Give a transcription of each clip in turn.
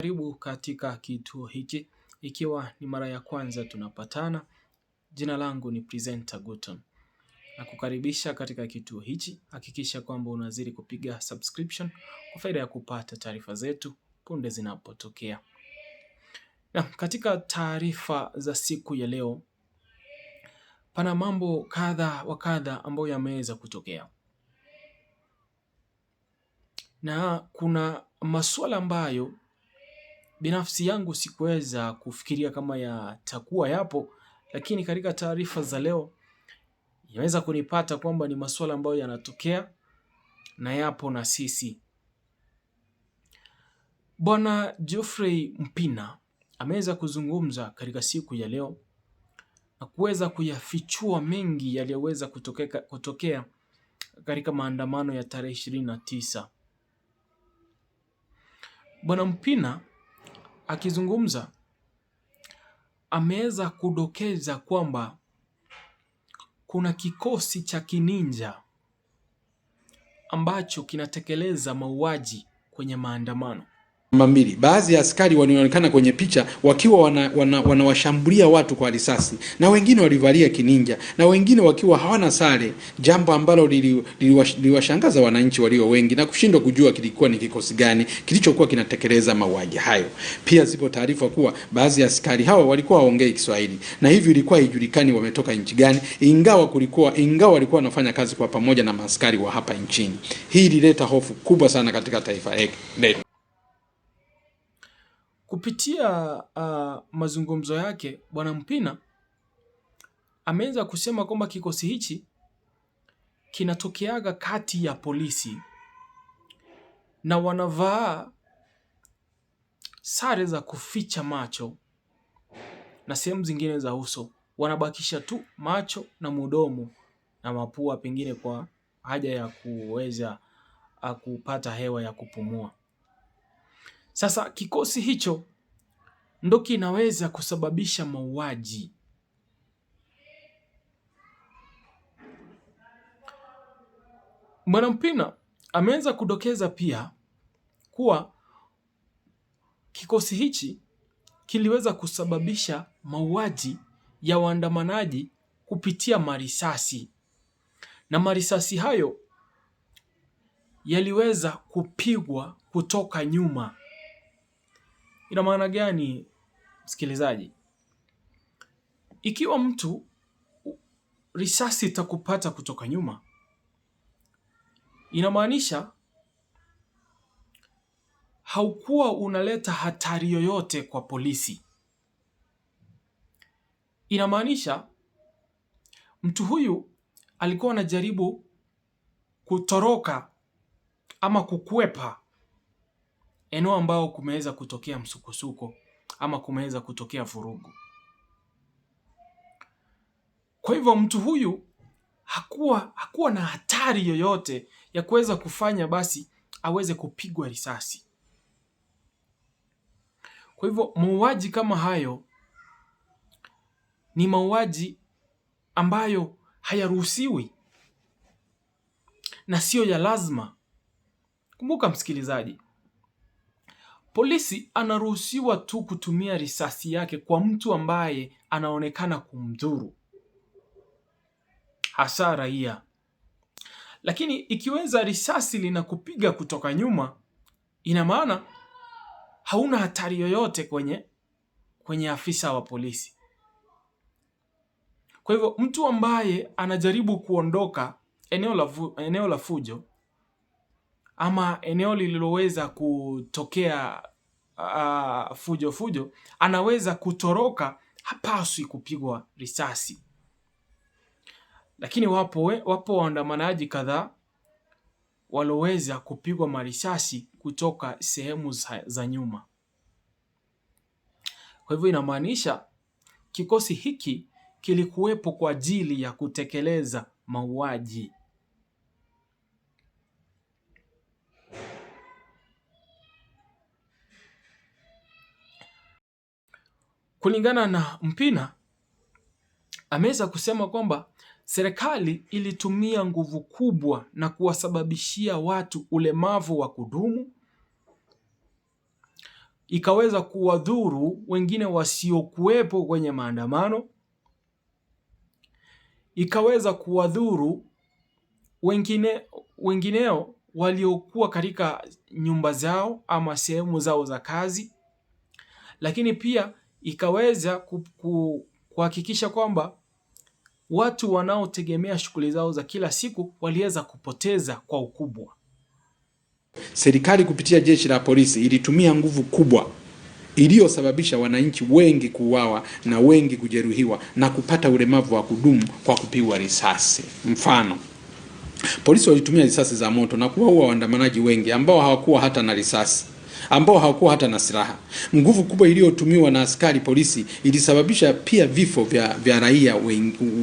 Karibu katika kituo hiki, ikiwa ni mara ya kwanza tunapatana, jina langu ni Presenter Guton Na kukaribisha katika kituo hiki, hakikisha kwamba unazidi kupiga subscription kwa faida ya kupata taarifa zetu punde zinapotokea. Na katika taarifa za siku ya leo, pana mambo kadha wa kadha ambayo yameweza kutokea na kuna masuala ambayo Binafsi yangu sikuweza kufikiria kama yatakuwa yapo, lakini katika taarifa za leo yaweza kunipata kwamba ni masuala ambayo yanatokea na yapo na sisi. Bwana Geoffrey Mpina ameweza kuzungumza katika siku ya leo na kuweza kuyafichua mengi yaliyoweza kutokea, kutokea katika maandamano ya tarehe 29. Bwana Mpina Akizungumza ameweza kudokeza kwamba kuna kikosi cha kininja ambacho kinatekeleza mauaji kwenye maandamano. Namba mbili, baadhi ya askari walionekana kwenye picha wakiwa wanawashambulia wana, wana watu kwa risasi na wengine walivalia kininja na wengine wakiwa hawana sare, jambo ambalo liliwashangaza li, li, wananchi walio wengi na kushindwa kujua kilikuwa ni kikosi gani kilichokuwa kinatekeleza mauaji hayo. Pia zipo taarifa kuwa baadhi ya askari hawa walikuwa waongei Kiswahili na hivyo ilikuwa haijulikani wametoka nchi gani, ingawa kulikuwa ingawa walikuwa wanafanya kazi kwa pamoja na maaskari wa hapa nchini. Hii ilileta hofu kubwa sana katika taifa letu. Kupitia uh, mazungumzo yake Bwana Mpina ameweza kusema kwamba kikosi hichi kinatokeaga kati ya polisi na wanavaa sare za kuficha macho na sehemu zingine za uso, wanabakisha tu macho na mdomo na mapua, pengine kwa haja ya kuweza ah, kupata hewa ya kupumua. Sasa kikosi hicho ndo kinaweza kusababisha mauaji. Bwana Mpina ameweza kudokeza pia kuwa kikosi hichi kiliweza kusababisha mauaji ya waandamanaji kupitia marisasi na marisasi hayo yaliweza kupigwa kutoka nyuma. Ina maana gani msikilizaji? Ikiwa mtu risasi itakupata kutoka nyuma, inamaanisha haukuwa unaleta hatari yoyote kwa polisi. Inamaanisha mtu huyu alikuwa anajaribu kutoroka ama kukwepa eneo ambao kumeweza kutokea msukosuko ama kumeweza kutokea vurugu. Kwa hivyo mtu huyu hakuwa, hakuwa na hatari yoyote ya kuweza kufanya basi aweze kupigwa risasi. Kwa hivyo mauaji kama hayo ni mauaji ambayo hayaruhusiwi na siyo ya lazima. Kumbuka msikilizaji, Polisi anaruhusiwa tu kutumia risasi yake kwa mtu ambaye anaonekana kumdhuru, hasa raia. Lakini ikiweza risasi linakupiga kutoka nyuma, ina maana hauna hatari yoyote kwenye kwenye afisa wa polisi. Kwa hivyo mtu ambaye anajaribu kuondoka eneo la, eneo la fujo ama eneo lililoweza kutokea uh, fujo fujo, anaweza kutoroka, hapaswi kupigwa risasi. Lakini wapo, wapo waandamanaji kadhaa waloweza kupigwa marisasi kutoka sehemu za, za nyuma. Kwa hivyo inamaanisha kikosi hiki kilikuwepo kwa ajili ya kutekeleza mauaji. Kulingana na Mpina, ameweza kusema kwamba serikali ilitumia nguvu kubwa na kuwasababishia watu ulemavu wa kudumu, ikaweza kuwadhuru wengine wasiokuwepo kwenye maandamano, ikaweza kuwadhuru wengine wengineo waliokuwa katika nyumba zao ama sehemu zao za kazi, lakini pia ikaweza kuhakikisha kwamba watu wanaotegemea shughuli zao za kila siku waliweza kupoteza kwa ukubwa. Serikali kupitia jeshi la polisi ilitumia nguvu kubwa iliyosababisha wananchi wengi kuuawa na wengi kujeruhiwa na kupata ulemavu wa kudumu kwa kupigwa risasi. Mfano, polisi walitumia risasi za moto na kuwaua waandamanaji wengi ambao hawakuwa hata na risasi ambao hawakuwa hata na silaha. Nguvu kubwa iliyotumiwa na askari polisi ilisababisha pia vifo vya, vya raia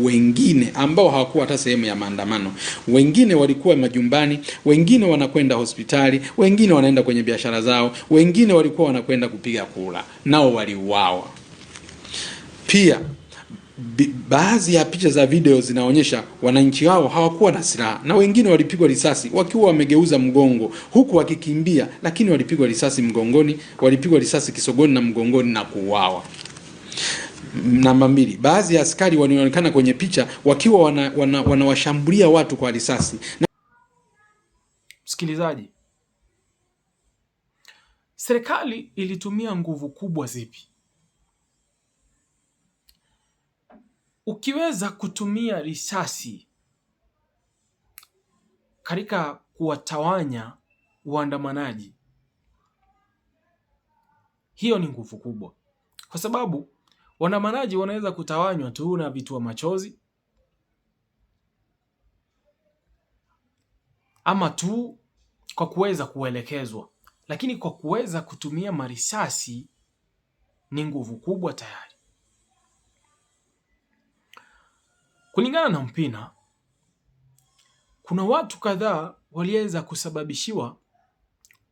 wengine ambao hawakuwa hata sehemu ya maandamano. Wengine walikuwa majumbani, wengine wanakwenda hospitali, wengine wanaenda kwenye biashara zao, wengine walikuwa wanakwenda kupiga kura, nao waliuawa pia baadhi ya picha za video zinaonyesha wananchi wao hawakuwa na silaha na wengine walipigwa risasi wakiwa wamegeuza mgongo huku wakikimbia, lakini walipigwa risasi mgongoni, walipigwa risasi kisogoni na mgongoni na kuuawa. Namba mbili, baadhi ya askari walionekana kwenye picha wakiwa wanawashambulia wana, wana watu kwa risasi na... Msikilizaji, serikali ilitumia nguvu kubwa zipi Ukiweza kutumia risasi katika kuwatawanya waandamanaji, hiyo ni nguvu kubwa, kwa sababu waandamanaji wanaweza kutawanywa tu na vitua machozi ama tu kwa kuweza kuelekezwa, lakini kwa kuweza kutumia marisasi ni nguvu kubwa tayari. Kulingana na Mpina, kuna watu kadhaa waliweza kusababishiwa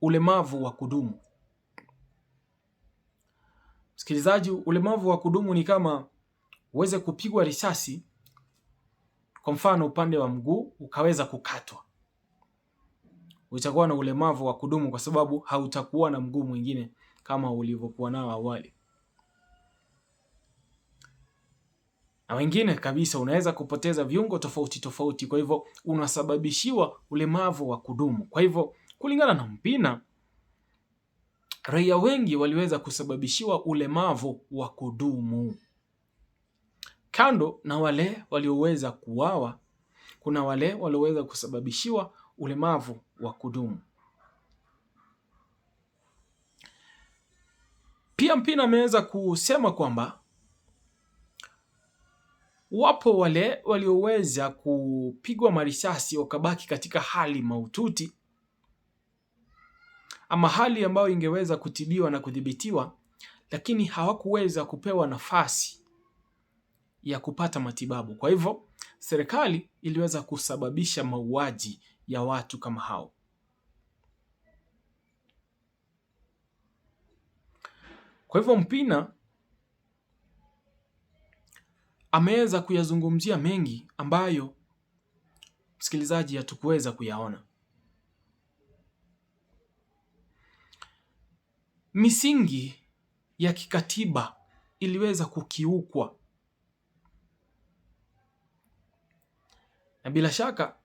ulemavu wa kudumu. Msikilizaji, ulemavu wa kudumu ni kama uweze kupigwa risasi, kwa mfano upande wa mguu ukaweza kukatwa, utakuwa na ulemavu wa kudumu kwa sababu hautakuwa na mguu mwingine kama ulivyokuwa nao awali. na wengine kabisa unaweza kupoteza viungo tofauti tofauti, kwa hivyo unasababishiwa ulemavu wa kudumu. Kwa hivyo kulingana na Mpina, raia wengi waliweza kusababishiwa ulemavu wa kudumu. Kando na wale walioweza kuuawa, kuna wale walioweza kusababishiwa ulemavu wa kudumu pia. Mpina ameweza kusema kwamba Wapo wale walioweza kupigwa marisasi wakabaki katika hali mahututi, ama hali ambayo ingeweza kutibiwa na kudhibitiwa, lakini hawakuweza kupewa nafasi ya kupata matibabu. Kwa hivyo serikali iliweza kusababisha mauaji ya watu kama hao. Kwa hivyo Mpina ameweza kuyazungumzia mengi ambayo msikilizaji hatukuweza kuyaona. Misingi ya kikatiba iliweza kukiukwa, na bila shaka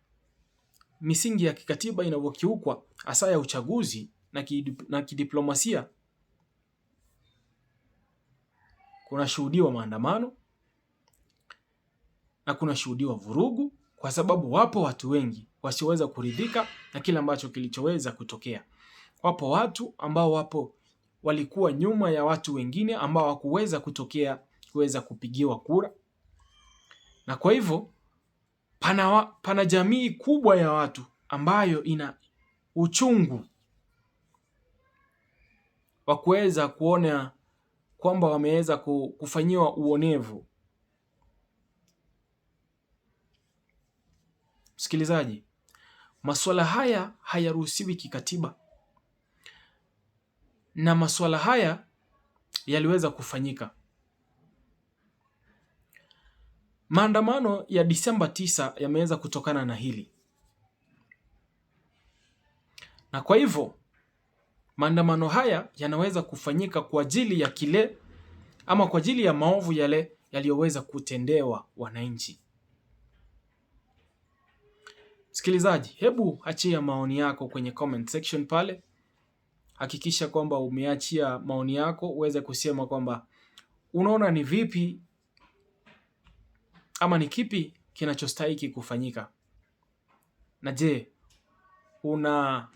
misingi ya kikatiba inavyokiukwa hasa ya uchaguzi na, kidip, na kidiplomasia, kuna shuhudiwa maandamano na kuna shuhudiwa vurugu, kwa sababu wapo watu wengi wasioweza kuridhika na kile ambacho kilichoweza kutokea. Wapo watu ambao wapo walikuwa nyuma ya watu wengine ambao hawakuweza kutokea kuweza kupigiwa kura, na kwa hivyo pana, pana jamii kubwa ya watu ambayo ina uchungu wa kuweza kuona kwamba wameweza kufanyiwa uonevu Msikilizaji, masuala haya hayaruhusiwi kikatiba, na masuala haya yaliweza kufanyika. Maandamano ya Disemba 9 yameweza kutokana na hili, na kwa hivyo maandamano haya yanaweza kufanyika kwa ajili ya kile ama kwa ajili ya maovu yale yaliyoweza kutendewa wananchi. Msikilizaji, hebu achia maoni yako kwenye comment section pale. Hakikisha kwamba umeachia maoni yako uweze kusema kwamba unaona ni vipi ama ni kipi kinachostahiki kufanyika, na je, una